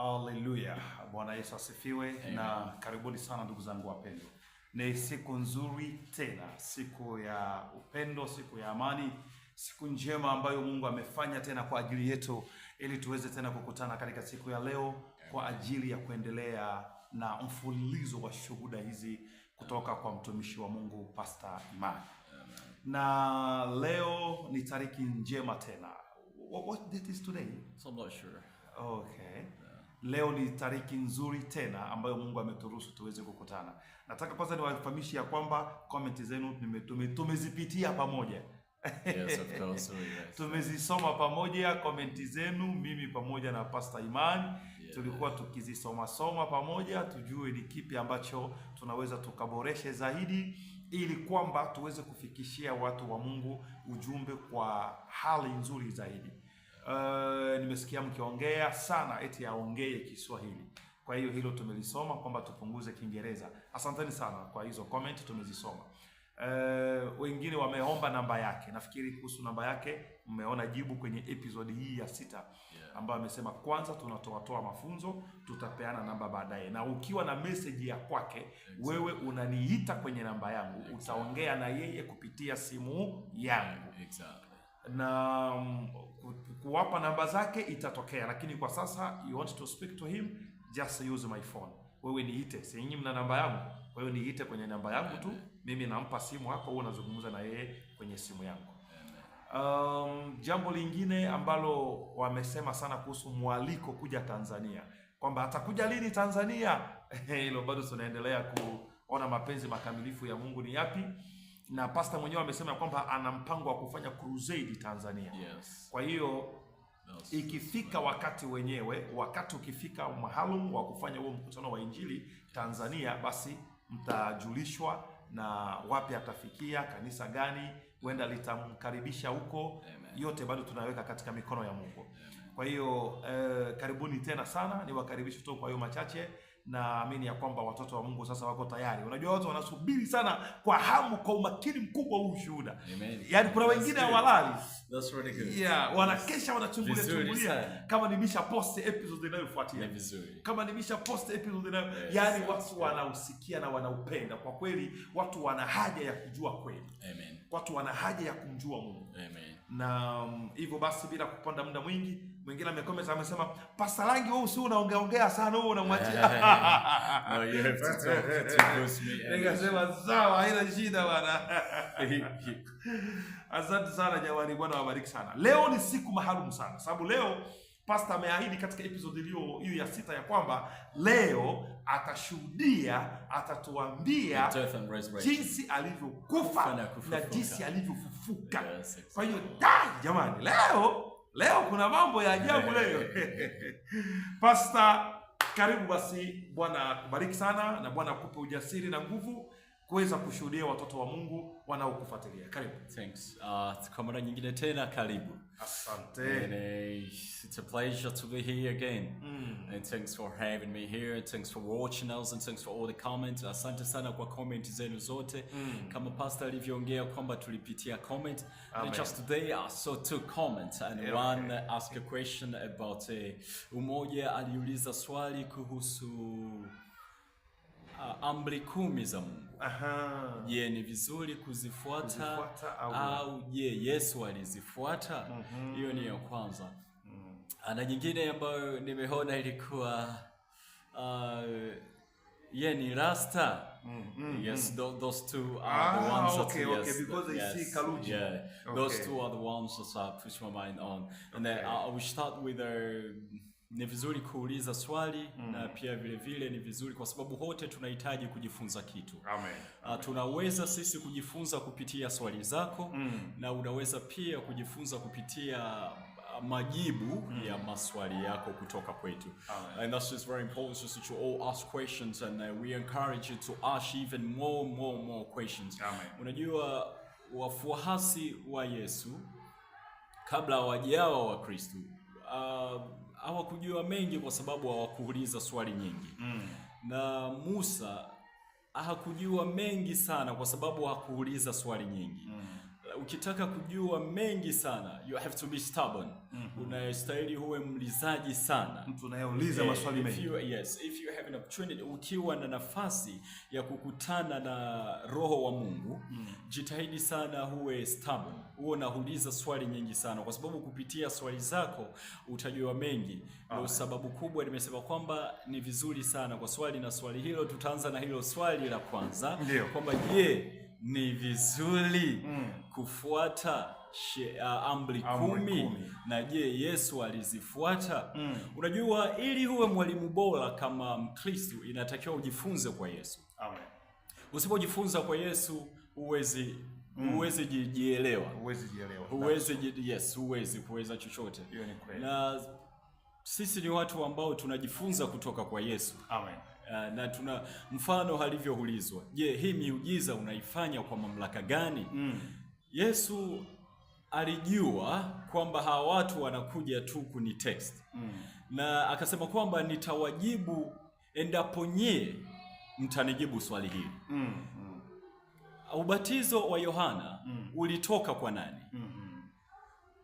aleluya Bwana Yesu asifiwe. Amen. Na karibuni sana ndugu zangu wapendwa, ni siku nzuri tena, siku ya upendo, siku ya amani, siku njema ambayo Mungu amefanya tena kwa ajili yetu, ili tuweze tena kukutana katika siku ya leo kwa ajili ya kuendelea na mfululizo wa shuhuda hizi kutoka kwa mtumishi wa Mungu Pastor Imani. Na leo ni tariki njema tena. What, what date is today? So I'm not sure. Okay. Leo ni tariki nzuri tena ambayo Mungu ameturuhusu tuweze kukutana. Nataka kwanza niwafahamishi ya kwamba comment zenu tumezipitia pamoja. Yes, yes. Tumezisoma pamoja komenti zenu, mimi pamoja na Pastor Imani yes. Tulikuwa tukizisomasoma pamoja tujue ni kipi ambacho tunaweza tukaboreshe zaidi ili kwamba tuweze kufikishia watu wa Mungu ujumbe kwa hali nzuri zaidi. Eh, nimesikia mkiongea sana eti aongee Kiswahili. Kwa hiyo hilo tumelisoma kwamba tupunguze Kiingereza. Asanteni sana kwa hizo comment tumezisoma. Uh, wengine wameomba namba yake. Nafikiri kuhusu namba yake mmeona jibu kwenye episodi hii ya sita yeah, ambayo amesema kwanza tunatoatoa mafunzo, tutapeana namba baadaye, na ukiwa na meseji ya kwake exactly, wewe unaniita kwenye namba yangu exactly, utaongea na yeye kupitia simu yangu exactly na mm, kuwapa namba zake itatokea, lakini kwa sasa you want to speak to him just use my phone. Wewe niite, si nyinyi mna namba yangu, kwa hiyo niite kwenye namba yangu tu, mimi nampa simu hapo, wewe unazungumza na yeye kwenye simu yangu. Um, jambo lingine ambalo wamesema sana kuhusu mwaliko kuja Tanzania kwamba atakuja lini Tanzania hilo bado tunaendelea kuona mapenzi makamilifu ya Mungu ni yapi na pasta mwenyewe amesema kwamba ana mpango wa kufanya crusade Tanzania. Yes. Kwa hiyo ikifika wakati wenyewe, wakati ukifika mahalum wa kufanya huo mkutano wa injili Tanzania, basi mtajulishwa na wapi atafikia, kanisa gani huenda litamkaribisha huko. Yote bado tunaweka katika mikono ya Mungu. Amen. Kwa hiyo eh, karibuni tena sana, niwakaribishe tu kwa hiyo machache naamini ya kwamba watoto wa Mungu sasa wako tayari. Unajua watu wanasubiri sana kwa hamu, kwa umakini mkubwa huu shuhuda. Yaani kuna wengine hawalali, yeah, wanakesha wanachungulia kama nimesha post episode inayofuatia, kama nimesha post episode inayo, yes, yani watu wanausikia na wanaupenda kwa kweli. Watu wana haja ya kujua kweli, watu wana haja ya kumjua Mungu, na mm, hivyo um, basi bila kupanda muda mwingi Mwingine amecomment amesema Pastor Langi wewe usio unaongeaongea sana wewe unamwachia. No you have to talk to me. Nikasema sawa haina shida bana. Asante sana jamani, Bwana wabariki sana. Leo ni siku maalum sana sababu leo pasta ameahidi katika episode hiyo hiyo ya sita ya kwamba leo atashuhudia, atatuambia jinsi alivyokufa na jinsi alivyofufuka. Kwa hiyo dai jamani leo Leo kuna mambo ya ajabu leo. Pasta, karibu basi. Bwana akubariki sana na Bwana akupe ujasiri na nguvu kuweza kushuhudia watoto wa Mungu wanaokufuatilia. Karibu. Thanks. Uh, kwa mara nyingine tena karibu. Asante. It, uh, it's a pleasure to be here again. Mm. And thanks for having me here. Thanks for watching us and thanks for all the comments. Asante sana kwa comment zenu zote. Mm. Kama pastor alivyoongea kwamba tulipitia comment. Amen. And just today I saw two comments and yeah, one okay. asked a question about uh, umoja aliuliza swali kuhusu uh, amri kumi za Mungu. Aha. Je, ni vizuri kuzifuata, kuzifuata au je Yesu alizifuata? Mhm. Hiyo mm -hmm. ni ya kwanza mm -hmm. na nyingine ambayo nimeona ilikuwa uh, ah, Yeah, ni rasta. Mm, mm, yes, mm. those two are ah, the ones okay, that, yes, because I yes, see Yeah, okay. Those two are the ones that I push my mind on. And okay. then uh, I I will start with a ni vizuri kuuliza swali mm. na pia vile vile ni vizuri kwa sababu wote tunahitaji kujifunza kitu. Amen. Amen. Uh, tunaweza sisi kujifunza kupitia swali zako mm. na unaweza pia kujifunza kupitia ah, majibu mm. ya maswali yako kutoka kwetu. Amen. And that's just very important just you all ask questions and uh, we encourage you to ask even more more more questions. Amen. Unajua wafuasi wa Yesu kabla wajawa wa Kristo uh, ah, hawakujua mengi kwa sababu hawakuuliza swali nyingi mm. na Musa hakujua mengi sana kwa sababu hakuuliza swali nyingi mm ukitaka kujua mengi sana you have to be stubborn. mm -hmm. Unastahili huwe mlizaji sana, mtu unayeuliza eh, maswali mengi. yes, if you have an opportunity, ukiwa na nafasi ya kukutana na roho wa Mungu mm -hmm. jitahidi sana huwe stubborn, huwe unauliza swali nyingi sana, kwa sababu kupitia swali zako utajua mengi. Ndio sababu kubwa nimesema kwamba ni vizuri sana kwa swali na swali hilo. Tutaanza na hilo swali la kwanza kwamba je, ni vizuri mm. kufuata uh, amri kumi. Kumi na je, Yesu alizifuata? mm. Unajua, ili uwe mwalimu bora kama Mkristo inatakiwa ujifunze kwa Yesu. Amen. Usipojifunza kwa Yesu huwezi Mm. Huwezi jielewa, huwezi jielewa, huwezi yes, huwezi kuweza chochote. Na sisi ni watu ambao tunajifunza kutoka kwa Yesu. Amen. Uh, na tuna mfano alivyoulizwa, je, hii miujiza unaifanya kwa mamlaka gani? Mm. Yesu alijua kwamba hawa watu wanakuja tu kuni text. Mm. Na akasema kwamba nitawajibu endapo nyie mtanijibu swali hili. Mm. Mm. Ubatizo wa Yohana mm. ulitoka kwa nani? Mm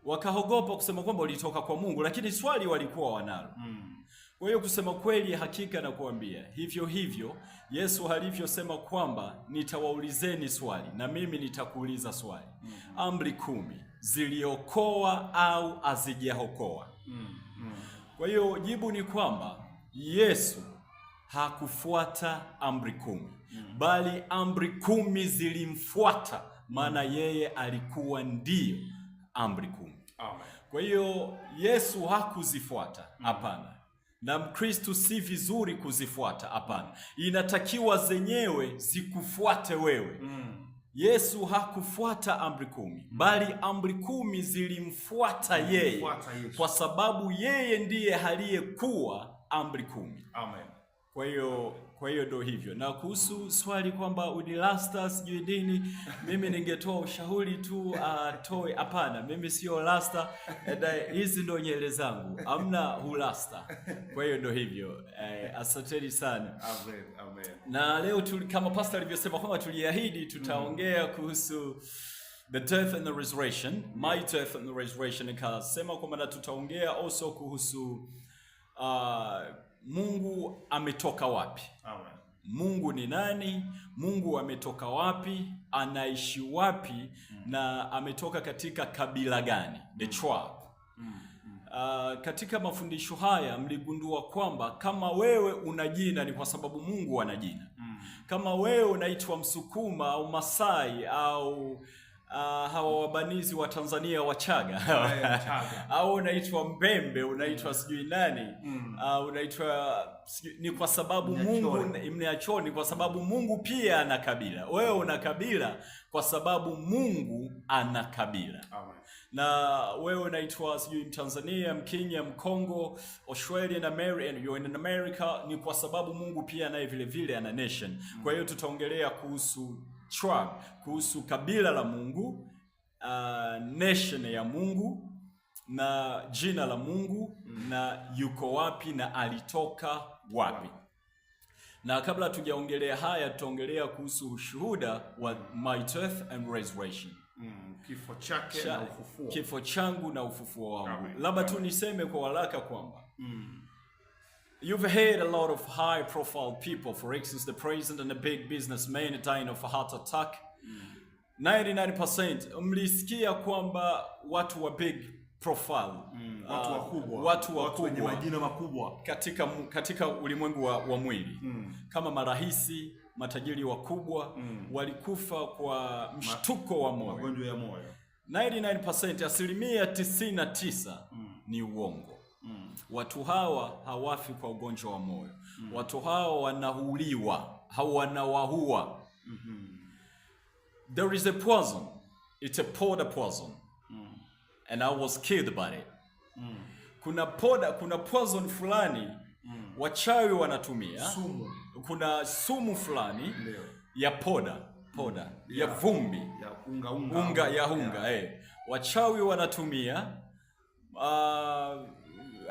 wakaogopa kusema kwamba ulitoka kwa Mungu, lakini swali walikuwa wanalo mm. Kwa hiyo kusema kweli, hakika nakuambia, hivyo hivyo Yesu alivyosema kwamba nitawaulizeni swali na mimi nitakuuliza swali mm. Amri kumi ziliokoa au hazijaokoa? mm. mm. Kwa hiyo jibu ni kwamba Yesu hakufuata amri kumi mm. bali amri kumi zilimfuata, maana mm. yeye alikuwa ndiyo amri kumi. Kwa hiyo Yesu hakuzifuata, mm-hmm. hapana. Na mkristu si vizuri kuzifuata, hapana. Inatakiwa zenyewe zikufuate wewe. Mm. Yesu hakufuata amri kumi, mm. bali amri kumi zilimfuata yeye, kwa sababu yeye ndiye aliyekuwa amri kumi. Amen. Kwa hiyo kwa hiyo ndo hivyo. Na kuhusu swali kwamba udilasta sijui nini, mimi ningetoa ushauri tu atoe. Uh, hapana, mimi sio lasta. Hizi ndo nyele zangu, amna hulasta. Kwa hiyo ndo hivyo eh, asanteni sana. Amen, amen. Na leo tu, kama pastor alivyosema kwamba tuliahidi tutaongea mm-hmm. kuhusu the death and the resurrection, my death and the resurrection, nikasema kwamba na tutaongea also kuhusu uh, Mungu ametoka wapi Mungu ni nani, Mungu ametoka wapi, anaishi wapi mm. na ametoka katika kabila gani the mm. tribe mm. Uh, katika mafundisho haya mligundua kwamba kama wewe una jina ni kwa sababu Mungu ana jina mm. Kama wewe unaitwa Msukuma au Masai au Uh, ah, hawa wabanizi wa Tanzania Wachaga au unaitwa Mbembe, unaitwa mm. sijui nani mm. uh, unaitwa ni kwa sababu Mungu imneachoni, kwa sababu Mungu pia ana kabila. Wewe una kabila kwa sababu Mungu ana kabila na wewe unaitwa sijui Mtanzania, Mkenya, Mkongo, Australia na Mary and you're in America, ni kwa sababu Mungu pia naye vile vile ana nation. Mm. Kwa hiyo tutaongelea kuhusu Trump kuhusu kabila la Mungu, uh, nation ya Mungu na jina la Mungu mm. na yuko wapi na alitoka wapi. Na kabla tujaongelea haya, tutaongelea kuhusu ushuhuda wa my death and resurrection mm, kifo chake na ufufuo, kifo changu na ufufuo wangu. Labda tu niseme kwa haraka kwamba mm. You've heard a lot of high profile people, for instance, the president and the big businessman dying of a heart attack. Mm. 99% mlisikia kwamba watu wa big profile mm, uh, watu ah, wakubwa, watu watu wenye majina makubwa katika katika ulimwengu wa, wa mwili mm. kama marahisi matajiri wakubwa mm. walikufa kwa mshtuko wa moyo, magonjwa ya moyo. 99% asilimia 99 mm. ni uongo Mm. Watu hawa hawafi kwa ugonjwa wa moyo. Mm. Watu hawa wanahuliwa, wanawahua Mm -hmm. There is a poison. It's a powder poison. Mm. And I was killed by it. Mm. Kuna poda, kuna poison fulani mm. wachawi wanatumia. Sumu. Kuna sumu fulani Leo. ya poda, poda mm. ya, ya vumbi, ya unga unga, unga ya unga, yeah. eh. Wachawi wanatumia uh,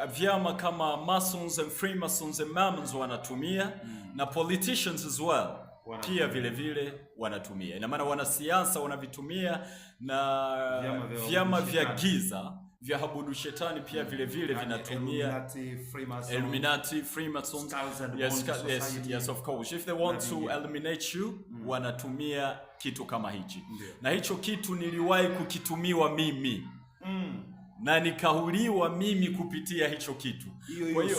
vyama kama Masons and Freemasons and Mormons wanatumia mm. na politicians as well wanatumia. Pia vile vile wanatumia, ina maana wanasiasa wanavitumia na vyama vya, giza vya habudu shetani pia mm. vile vile yaani vinatumia Illuminati, Freemasons, yes, yes, yes, of course if they want to eliminate you mm. wanatumia kitu kama hichi yeah. na hicho kitu niliwahi kukitumiwa mimi mm na nikahuliwa mimi kupitia hicho kitu. Kwa hiyo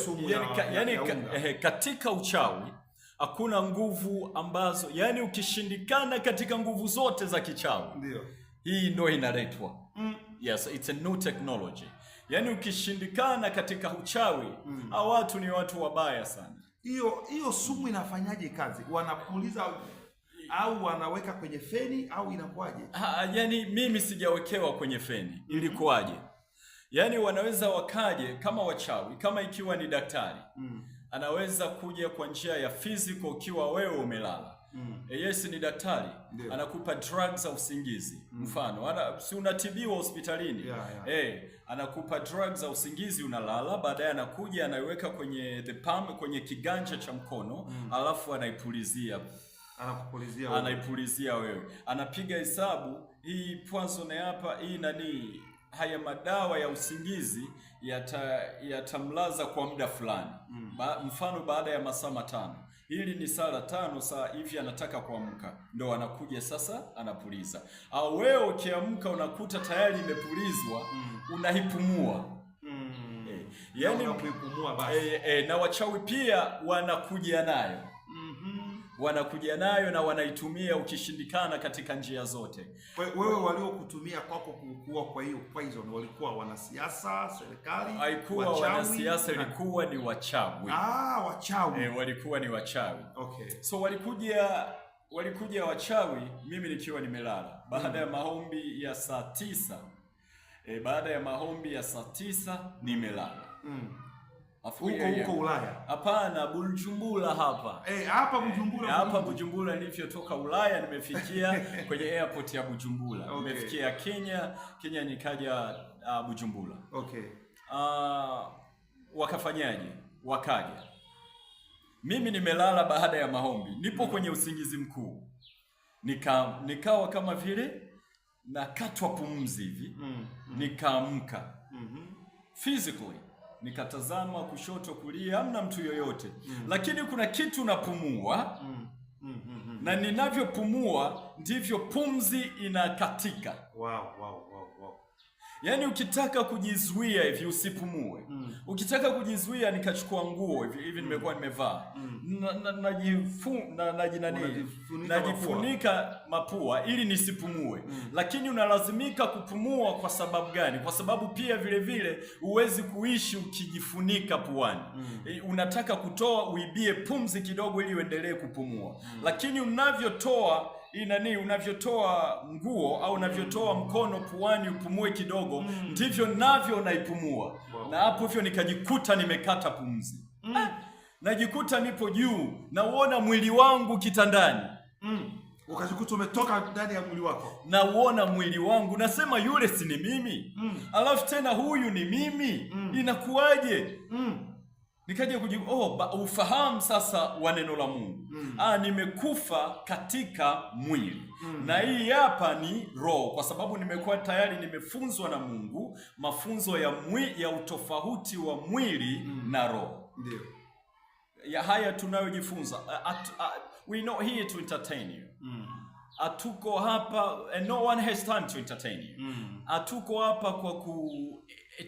yani, ka, eh, katika uchawi hakuna nguvu ambazo yani ukishindikana katika nguvu zote za kichawi. Ndio. Hii ndio inaletwa. Mm. Yes, it's a new technology. Yaani ukishindikana katika uchawi mm. hao watu ni watu wabaya sana. Hiyo hiyo sumu inafanyaje kazi? Wanapuliza au wanaweka kwenye feni au inakuwaje? Yaani mimi sijawekewa kwenye feni. Mm-hmm. Ilikuwaje? Yaani wanaweza wakaje kama wachawi, kama ikiwa ni daktari mm. anaweza kuja kwa njia ya physical ukiwa wewe umelala mm. E, eh, yes ni daktari yeah. anakupa drugs za usingizi mm. mfano ana, si unatibiwa hospitalini yeah, yeah. E, anakupa drugs za usingizi unalala, baadaye anakuja anaiweka kwenye the palm, kwenye kiganja cha mkono mm. alafu anaipulizia anaipulizia wewe, anapiga hesabu hii poison hapa, hii nani haya madawa ya usingizi yatamlaza yata kwa muda fulani mm. ba, mfano baada ya masaa matano ili ni saa la tano saa hivi anataka kuamka, ndo anakuja sasa anapuliza. Au wewe ukiamka unakuta tayari imepulizwa mm. unahipumua mm. Eh, yani, na, e, e, na wachawi pia wanakuja nayo wanakuja nayo na wanaitumia ukishindikana katika njia zote. Kwe, wewe waliokutumia kwako kuwa kwa hiyo poison walikuwa wanasiasa, serikali, haikuwa wanasiasa, ilikuwa ni wachawi. Ah, wachawi. E, walikuwa ni wachawi. Okay. So walikuja walikuja wachawi, mimi nikiwa nimelala baada ya mm. maombi ya saa tisa e, baada ya maombi ya saa tisa nimelala Mm huko Ulaya. Hapana, Bujumbura hapa. Eh, hapa Bujumbura. Eh, hapa Bujumbura nilivyotoka Ulaya nimefikia kwenye airport ya Bujumbura. Okay. Nimefikia Kenya, Kenya nikaja uh, Bujumbura. Okay. Uh, wakafanyaje? Wakaja. Mimi nimelala baada ya maombi. Nipo mm. kwenye usingizi mkuu. Nika nikawa kama vile nakatwa pumzi hivi. Mm -hmm. Nikaamka. Mm Physically nikatazama kushoto kulia, hamna mtu yoyote mm. Lakini kuna kitu napumua mm. Mm, mm, mm. mm. Na ninavyopumua ndivyo pumzi inakatika. wow, wow, wow. Yaani ukitaka kujizuia hivi usipumue. Mm. Ukitaka kujizuia nikachukua nguo hivi hivi nimekuwa mm. nimevaa. Mm. Najifunika mapua ili nisipumue. Mm. Lakini unalazimika kupumua kwa sababu gani? Kwa sababu pia vile vile huwezi kuishi ukijifunika puani. Mm. E, unataka kutoa uibie pumzi kidogo ili uendelee kupumua. Mm. Lakini unavyotoa nani unavyotoa nguo au unavyotoa mkono puani upumue kidogo, mm. ndivyo navyo naipumua wow. na hapo hivyo nikajikuta nimekata pumzi mm. Ah, najikuta nipo juu, nauona mwili wangu kitandani mm. Ukajikuta umetoka ndani ya mwili wako, nauona mwili wangu, nasema yule si ni mimi mm. alafu tena huyu ni mimi mm. inakuwaje? mm nikaja kujibu oh, ba, ufahamu sasa wa neno la Mungu mm. Ah, nimekufa katika mwili mm. na hii hapa ni roho, kwa sababu nimekuwa tayari nimefunzwa na Mungu mafunzo ya mwi, ya utofauti wa mwili mm. na roho. Ndio ya haya tunayojifunza. We not here to entertain you mm. Atuko hapa and no one has time to entertain you mm. Atuko hapa kwa ku Eh,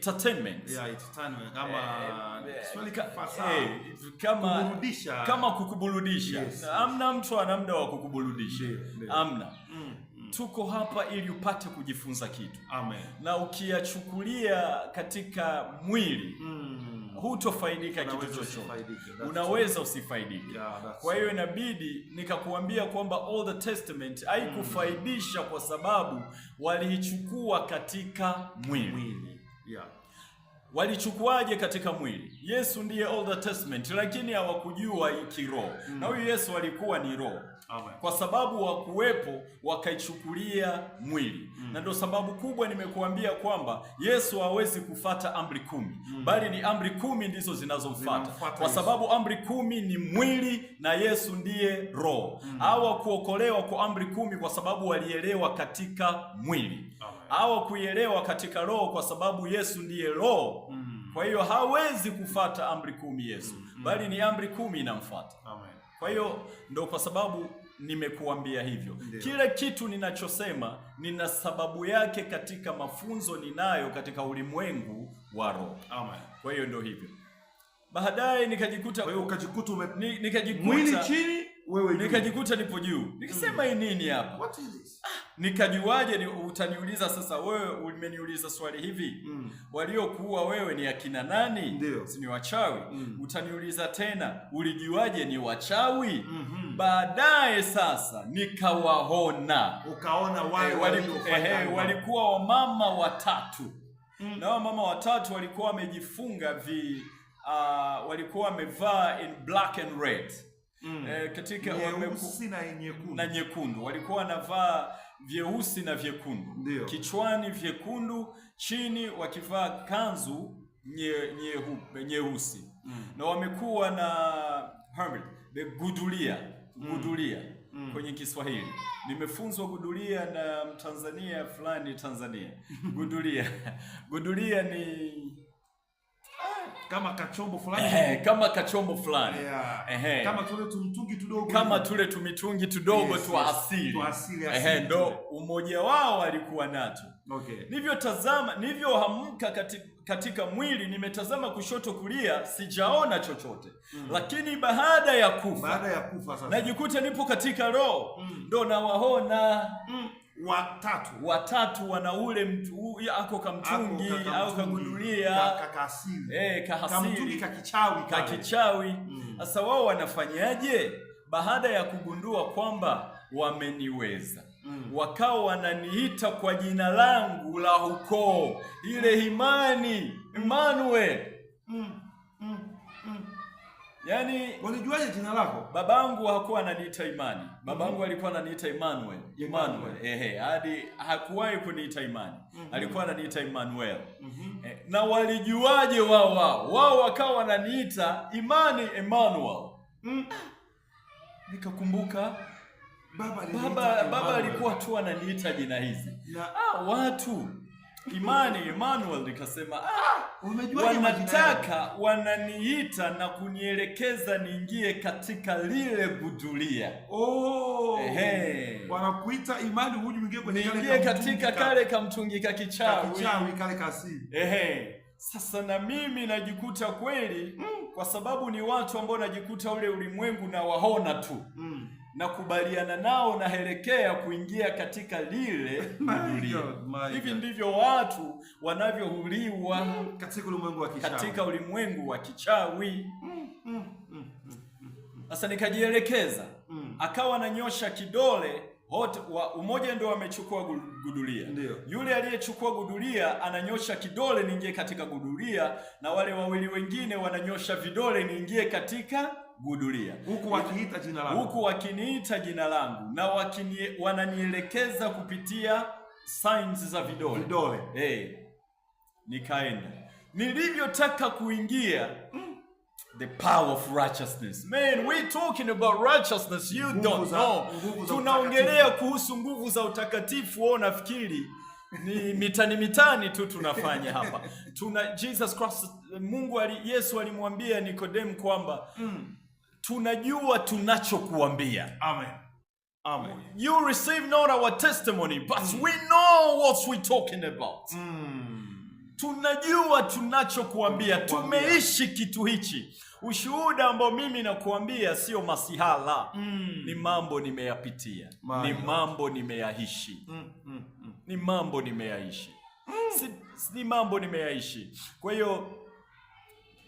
eh, kama kukuburudisha, amna Mtu ana mda wa kukuburudisha amna mm, mm. Tuko hapa ili upate kujifunza kitu Amen. Na ukiyachukulia katika mwili mm. hutofaidika kitu chochote, unaweza usifaidike yeah, kwa hiyo inabidi nikakuambia kwamba all the testament haikufaidisha mm. kwa sababu waliichukua katika mwili, mwili yeah. Walichukuaje katika mwili? Yesu ndiye Old Testament, lakini hawakujua kiroho mm. Na huyu Yesu alikuwa ni roho Amen. Kwa sababu wa kuwepo wakaichukulia mwili mm. Na ndio sababu kubwa nimekuambia kwamba Yesu hawezi kufata amri kumi mm. Bali ni amri kumi ndizo zinazomfuata kwa sababu amri kumi ni mwili na Yesu ndiye roho mm. Hawa kuokolewa kwa amri kumi kwa sababu walielewa katika mwili, hawa kuielewa katika roho kwa sababu Yesu ndiye roho mm. Kwa hiyo hawezi kufata amri kumi Yesu mm. Bali ni amri kumi inamfuata. Amen. Kwa hiyo ndo kwa sababu nimekuambia hivyo. Ndiyo. Kila kitu ninachosema nina sababu yake katika mafunzo ninayo katika ulimwengu wa roho. Amen. Kwa hiyo ndo hivyo. Baadaye nikajikuta kwa hiyo ukajikuta ume... ni, nikajikuta mwili chini, wewe Nikajikuta nipo juu. Nikisema hmm. hii nini hapa? What is this? Ah, Nikajuaje? Ni utaniuliza sasa, wewe umeniuliza swali hivi mm. waliokuwa wewe ni akina nani? si ni wachawi mm. Utaniuliza tena ulijuaje ni wachawi mm -hmm. Baadaye sasa nikawaona, ukaona wale e, waliku, eh, walikuwa wamama watatu mm. na wamama watatu walikuwa wamejifunga vi uh, walikuwa wamevaa in black and red mm. e, katika nyekundu na nyekundu walikuwa wanavaa vyeusi na vyekundu. Kichwani vyekundu, chini wakivaa kanzu nyeupe nye nyeusi mm. na wamekuwa na hermit gudulia mm. gudulia mm. kwenye Kiswahili nimefunzwa gudulia na Mtanzania fulani Tanzania gudulia gudulia ni kama kachombo fulani eh, kama kachombo fulani yeah. eh, kama tule tumtungi tudogo kama tule tumitungi tudogo yes, tu asili tu asili eh, ndo umoja wao alikuwa nato okay. Nilivyotazama, nilivyohamka katika, katika mwili nimetazama kushoto kulia, sijaona mm. chochote mm. Lakini baada ya kufa, baada ya kufa sasa najikuta nipo katika roho mm. ndo nawaona mm watatu watatu wana ule mtu ako kamtungi au kagundulia eh, kahasiri kakichawi. Mm. Sasa wao wanafanyaje? Baada ya kugundua kwamba wameniweza mm. Wakawa wananiita kwa jina langu la ukoo, ile imani Emmanuel mm. Yaani walijuaje jina lako? Babangu hakuwa ananiita Imani. Babangu mm-hmm. alikuwa ananiita Emmanuel. Emmanuel. Ehe, hadi hakuwahi kuniita Imani. Mm-hmm. Alikuwa ananiita Emmanuel. Mm-hmm. Eh, na walijuaje wao wao? Wao wakawa wananiita Imani Emmanuel. Mm. Nikakumbuka baba baba, baba alikuwa tu ananiita jina hizi. Na ah, watu Imani Emmanuel nikasema, ah, wanataka wananiita na kunielekeza niingie katika lile budulia. Oh, ehe, wanakuita Imani huyu mwingie kwenye kale katika kale kamtungi ka kichawi kichawi kale Ehe, sasa na mimi najikuta kweli mm, kwa sababu ni watu ambao najikuta ule ulimwengu na waona tu mm nakubaliana nao, naelekea kuingia katika lile lilio. Hivi ndivyo watu wanavyohuliwa mm, katika ulimwengu wa kichawi, katika ulimwengu wa kichawi. Mm, mm, mm, mm, sasa nikajielekeza mm. Akawa nanyosha kidole Hot, wa, umoja ndio amechukua gudulia. Ndiyo. Yule aliyechukua gudulia ananyosha kidole niingie katika gudulia na wale wawili wengine wananyosha vidole niingie katika gudulia huku wakiita jina langu, huku wakiniita jina langu na wakini, wananielekeza kupitia signs za vidole vidole. Hey, eh, nikaenda nilivyotaka kuingia mm. The power of righteousness. Man, we talking about righteousness, you mbubu don't za, know. Tunaongelea kuhusu nguvu za utakatifu, wao nafikiri ni mitani mitani tu tunafanya hapa. Tuna Jesus Christ, Mungu ali, Yesu alimwambia Nikodemu kwamba mm tunajua tunachokuambia. Amen. Amen. You receive not our testimony, but mm. we know what we talking about. Mm. Tunajua tunachokuambia, tumeishi kitu hichi. Ushuhuda ambao mimi nakuambia sio masihala mm. ni mambo nimeyapitia, ni mambo nimeyaishi mm, mm. mm. ni mambo nimeyaishi mm. si, si, ni mambo nimeyaishi. Kwa hiyo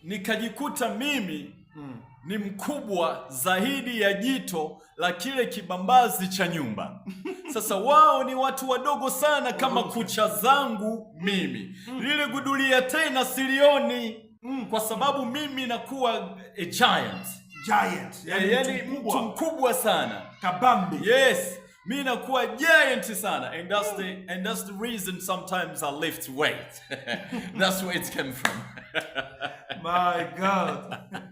nikajikuta mimi mm. ni mkubwa zaidi ya jito la kile kibambazi cha nyumba. Sasa wao ni watu wadogo sana kama kucha zangu mimi mm. Mm. lile gudulia tena silioni mm. kwa sababu mimi nakuwa a giant. Giant. Yani, yani mtu mkubwa sana kabambi. Yes. Mi nakuwa giant sana and that's the, and that's the reason sometimes I lift weight. That's where it came from. My God.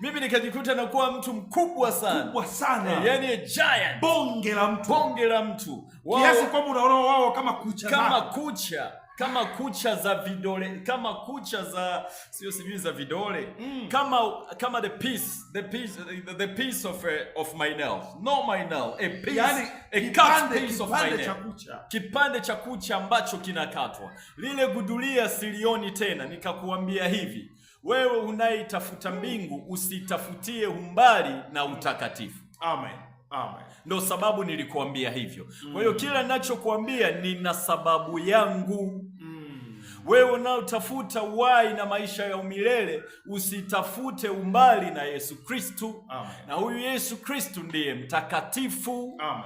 mimi nikajikuta na kuwa mtu mkubwa sana, mkubwa sana. E, yani giant. Bonge la mtu, bonge la mtu wao, kiasi kwamba unaona wao kama kucha kama kucha kama kucha za vidole kama kucha za sio sijui za vidole mm. kama kama the piece the piece the piece of a, eh, of my nail no my nail a piece yani, a kipande, piece of kipande, my nail kipande cha kucha ambacho kinakatwa lile gudulia silioni tena nikakuambia hivi wewe unayeitafuta mbingu usitafutie umbali na utakatifu. Amen. Amen. Ndo sababu nilikuambia hivyo. Mm. Kwa hiyo kila ninachokuambia nina sababu yangu. Mm. Wewe unaotafuta uhai na maisha ya umilele usitafute umbali na Yesu Kristu, na huyu Yesu Kristu ndiye mtakatifu. Amen.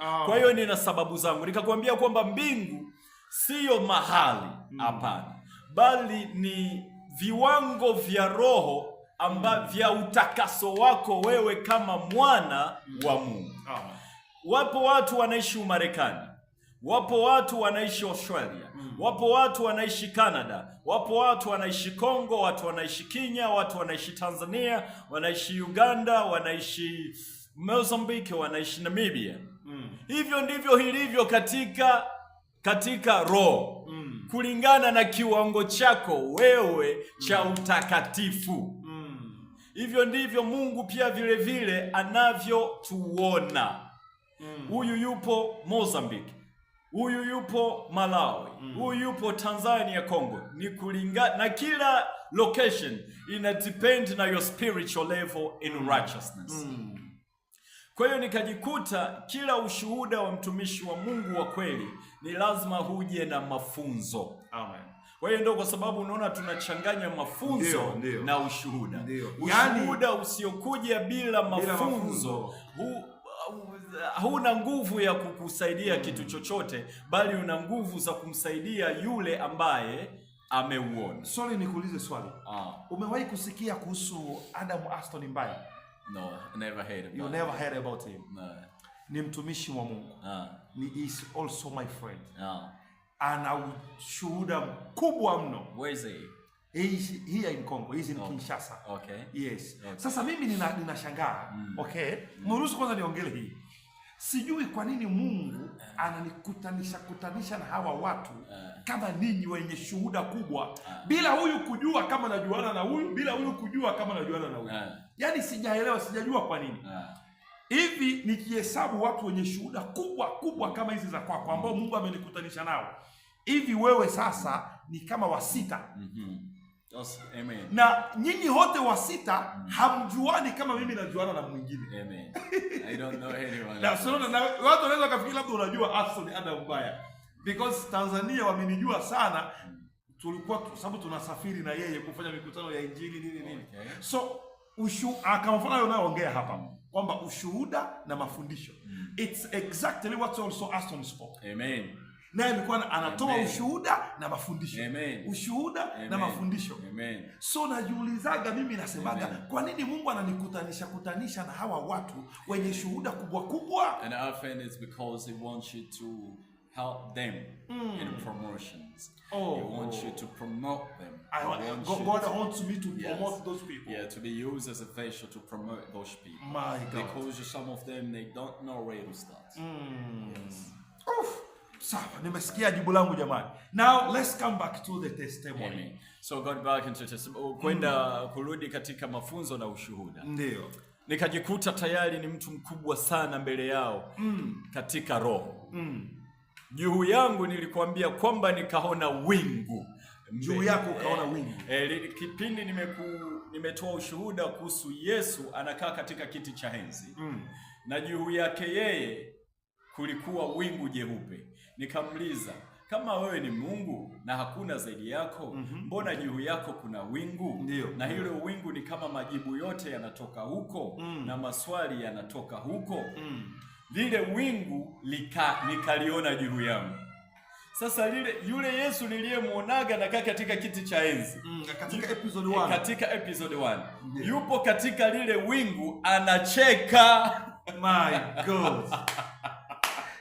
Amen. Kwa hiyo nina sababu zangu, nikakwambia kwamba mbingu siyo mahali, mm. hapana. Mm. Bali ni viwango vya roho amba vya utakaso wako wewe kama mwana wa Mungu. Wapo watu wanaishi Umarekani, wapo watu wanaishi Australia, mm. wapo watu wanaishi Canada, wapo watu wanaishi Kongo, watu wanaishi Kenya, watu wanaishi Tanzania, wanaishi Uganda, wanaishi Mozambique, wanaishi Namibia. Mm. Hivyo ndivyo ilivyo katika katika roho kulingana na kiwango chako wewe cha mm. utakatifu. Mm. Hivyo mm. ndivyo Mungu pia vile vile anavyotuona. Mm. Huyu mm. yupo Mozambique, huyu yupo Malawi, huyu mm. yupo Tanzania, Kongo. Ni kulingana na kila location ina depend na your spiritual level in righteousness mm. Kwa hiyo nikajikuta kila ushuhuda wa mtumishi wa Mungu wa kweli ni lazima huje na mafunzo. Amen. Kwa hiyo ndio kwa sababu unaona tunachanganya mafunzo ndiyo, ndiyo, na ushuhuda. Ushuhuda yani, usiokuja bila mafunzo, mafunzo. Hu, uh, huna nguvu ya kukusaidia hmm, kitu chochote bali una nguvu za kumsaidia yule ambaye ameuona. Sorry, nikuulize swali. Ah. Umewahi kusikia kuhusu Adam Aston Mbaya? No, never heard about you never heard about him. No. Ni mtumishi wa Mungu. No. Ah. Ni is also my friend. No. Ah. Ana ushuhuda mkubwa mno. Where is he? He is here in Congo. He is in okay. Oh. Kinshasa. Okay. Yes. Okay. Sasa mimi ninashangaa. Nina, nina mm. Okay. Mm. Mruhusu kwanza niongele hii. Sijui kwa nini Mungu eh. ananikutanisha kutanisha na hawa watu eh. kama ninyi wenye shuhuda kubwa, eh. bila huyu kujua kama najuana na huyu, bila huyu kujua kama najuana na huyu. Yaani sijaelewa, sijajua kwa nini hivi. Nikihesabu watu wenye shuhuda kubwa kubwa kama hizi za kwako, ambao mm. Mungu amenikutanisha nao, hivi wewe sasa ni kama wasita. Mhm. Yes, amen. Na nyinyi wote wa sita mm. hamjuani kama mimi najuana na mwingine. Amen. I don't know anyone. Na sio na watu wanaweza kafikiri labda unajua Afson ada Mbaya. Because Tanzania wamenijua sana tulikuwa sababu tunasafiri na yeye kufanya mikutano ya injili nini nini. Okay. So ushu kama mfano unayoongea hapa kwamba ushuhuda na mafundisho. Mm. It's exactly what also Aston spoke. Amen naye alikuwa anatoa ushuhuda na mafundisho, ushuhuda na mafundisho. So najiulizaga mimi, nasemaga kwa nini Mungu ananikutanisha kutanisha na hawa watu wenye shuhuda kubwa kubwa? And often it's because he wants you to help them mm. in promotions. Oh. He wants you to promote them. I want, wants God, God to, wants me to yes, promote those people. Yeah, to be used as a vessel to promote those people. My God. Because some of them, they don't know where to start. Mm. Yes. Oof. Sawa, nimesikia jibu langu jamani. Now let's come back to the testimony. Amen. So God back into testimony. Kwenda mm. kurudi katika mafunzo na ushuhuda. Ndio. Nikajikuta tayari ni mtu mkubwa sana mbele yao mm. katika roho. Mm. Juu yangu nilikuambia kwamba nikaona wingu. Juu yako ukaona wingu. E, kipindi nimeku nimetoa ushuhuda kuhusu Yesu anakaa katika kiti cha enzi. Mm. Na juu yake yeye kulikuwa wingu jeupe. Nikamuliza, kama wewe ni Mungu na hakuna zaidi yako mm -hmm. mbona juu yako kuna wingu? Ndiyo. na hilo wingu ni kama majibu yote yanatoka huko mm. na maswali yanatoka huko mm. lile wingu lika, nikaliona juu yangu. Sasa lile yule Yesu niliyemwonaga nakaa katika kiti cha enzi mm, katika episode 1 eh, katika episode 1 yeah. yupo katika lile wingu anacheka. My God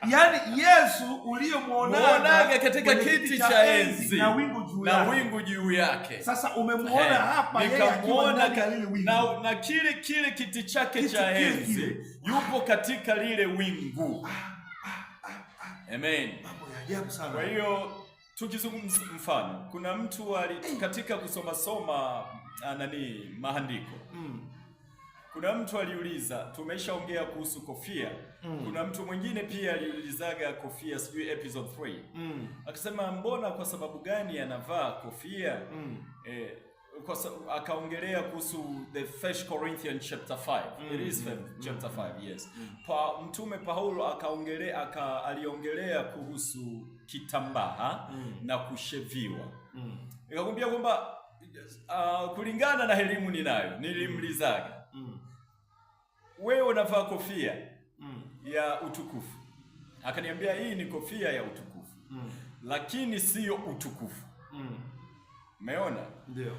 yaani Yesu uliyemwonaga katika kiti cha enzi na wingu juu yake. Sasa umemwona hapa yeye akiwa ndani ya lile wingu na, na kile kile kiti chake cha enzi yupo katika lile wingu. Ah, ah, ah, Amen. Kwa hiyo tukizungumza mfano, kuna mtu ali katika kusomasoma nani maandiko mm. Kuna mtu aliuliza, tumeshaongea kuhusu kofia mm. Kuna mtu mwingine pia aliulizaga kofia, sijui episode 3 mm. Akasema mbona, kwa sababu gani anavaa kofia mm. eh, akaongelea kuhusu the First Corinthian chapter 5 mm, it is mm, chapter 5 mm, yes mm. Pa, Mtume Paulo akaongelea aka, aliongelea kuhusu kitambaa mm. na kusheviwa mm. Nikakwambia kwamba uh, kulingana na elimu ninayo nilimlizaga mm wewe unavaa kofia mm. ya utukufu. Akaniambia hii ni kofia ya utukufu mm. lakini siyo utukufu mm. Umeona? Ndio.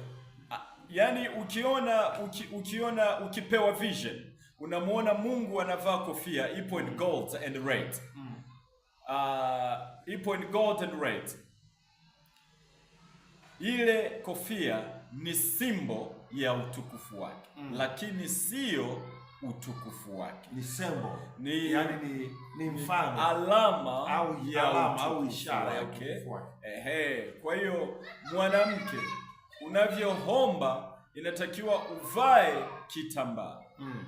Yaani ukiona uki, ukiona ukipewa vision unamwona Mungu anavaa kofia ipo in gold and red mm. uh, ipo in gold and red. Ile kofia ni simbo ya utukufu wake mm. lakini siyo utukufu wake. Ni sembo, ni, yani ni, ni mfano, alama au ya alama au ishara yake. Ehe, kwa hiyo mwanamke, unavyohomba inatakiwa uvae kitambaa hmm.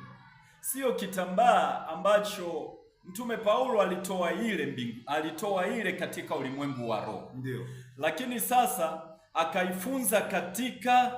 Sio kitambaa ambacho Mtume Paulo alitoa ile mbingu, alitoa ile katika ulimwengu wa roho, ndio, lakini sasa akaifunza katika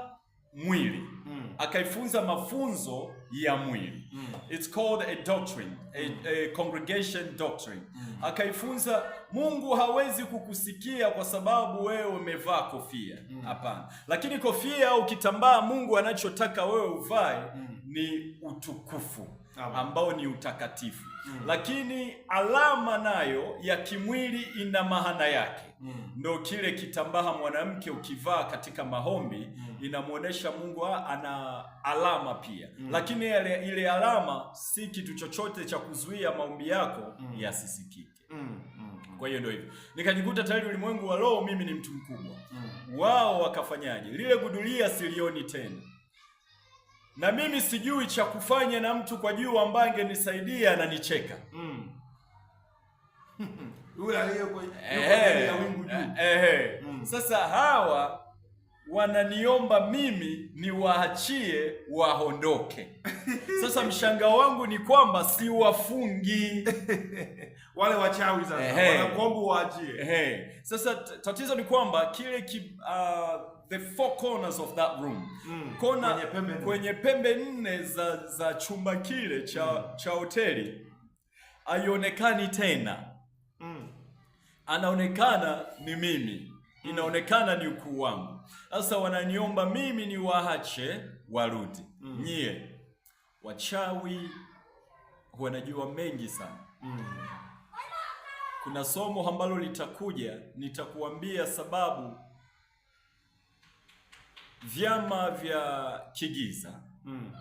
mwili hmm akaifunza mafunzo ya mwili mm. It's called a doctrine, a, mm. a congregation doctrine mm. Akaifunza Mungu hawezi kukusikia kwa sababu wewe umevaa kofia mm. hapana, mm. Lakini kofia au kitambaa, Mungu anachotaka wewe uvae mm. ni utukufu Amen. ambao ni utakatifu Mm. Lakini alama nayo ya kimwili ina maana yake mm. Ndo kile kitambaa mwanamke ukivaa katika maombi mm. inamwonyesha Mungu ana alama pia mm. Lakini ile, ile alama si kitu chochote cha kuzuia maombi yako mm. yasisikike mm. mm. mm. Kwa hiyo ndio hivyo, nikajikuta tayari ulimwengu wa roho, mimi ni mtu mkubwa mm. Wao wakafanyaje? Lile gudulia silioni tena na mimi sijui cha kufanya na mtu kwa juu ambaye angenisaidia ananicheka. Mm. Eh, eh, eh, mm. Sasa hawa wananiomba mimi niwaachie waondoke. Sasa mshanga wangu ni kwamba siwafungi wale wachawi. Sasa wanakuomba waachie. Sasa tatizo ni kwamba kile ki, uh, the four corners of that room mm, kona kwenye pembe, kwenye pembe nne za, za chumba kile cha mm, cha hoteli aionekani tena mm. Anaonekana ni mimi mm. Inaonekana ni ukuu wangu. Sasa wananiomba mimi ni waache warudi mm. Nyie wachawi wanajua mengi sana mm. Kuna somo ambalo litakuja nitakuambia sababu vyama vya kigiza mm.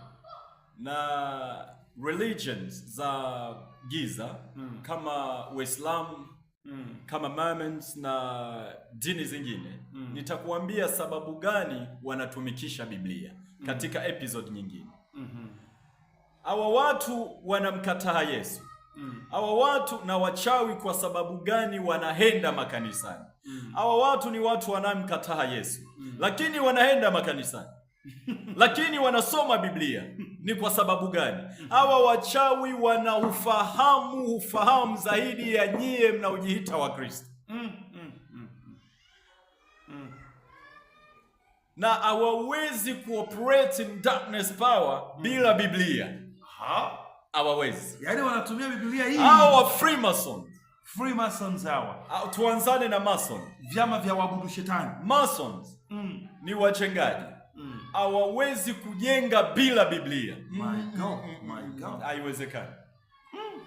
na religions za giza mm. kama Uislamu mm. kama mamens na dini zingine mm. nitakuambia sababu gani wanatumikisha Biblia hmm. katika mm. episode nyingine. Hmm. Hawa mm -hmm. watu wanamkataa Yesu Mm. Hawa mm. watu na wachawi kwa sababu gani wanaenda makanisani? Mm. Hawa mm. watu ni watu wanamkataa Yesu mm. lakini wanaenda makanisani lakini wanasoma Biblia ni kwa sababu gani? Mm. Hawa wachawi wana ufahamu zaidi ya nyie mnaojiita kristo mm. mm. mm. mm. na hawawezi kuoperate in darkness power bila Biblia ha? hawawezi. yani wanatumia Biblia hii. Hawa Freemason. Freemasons hawa. Ah, tuanzane na Mason. Vyama vya wabudu shetani. Masons. Mm. Ni wachengaji. Mm. Hawawezi mm. kujenga bila Biblia. My God, my God. Mm.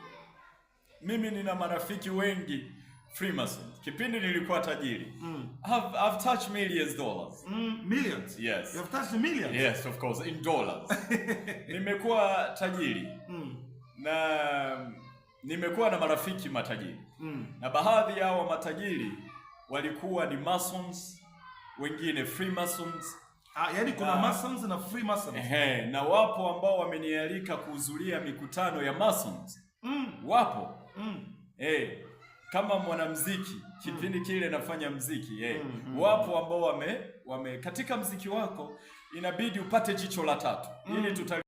Mimi nina marafiki wengi Freemason. Kipindi nilikuwa tajiri. Mm. I've, I've touched millions dollars. Mm, millions? Yes. You've touched millions? Yes, of course, in dollars. Nimekuwa tajiri. Mm. Na nimekuwa na marafiki matajiri. Mm. Na baadhi yao wa matajiri walikuwa ni Masons, wengine Freemasons. Ah, yani kuna na, Masons na Freemasons. Ehe, na wapo ambao wamenialika kuhudhuria mikutano ya Masons. Mm. Wapo. Mm. Eh, kama mwanamziki kipindi hmm. kile nafanya mziki Yeah. Mm -hmm. Wapo ambao wame, wame katika mziki wako inabidi upate jicho la tatu mm ili hmm. tuta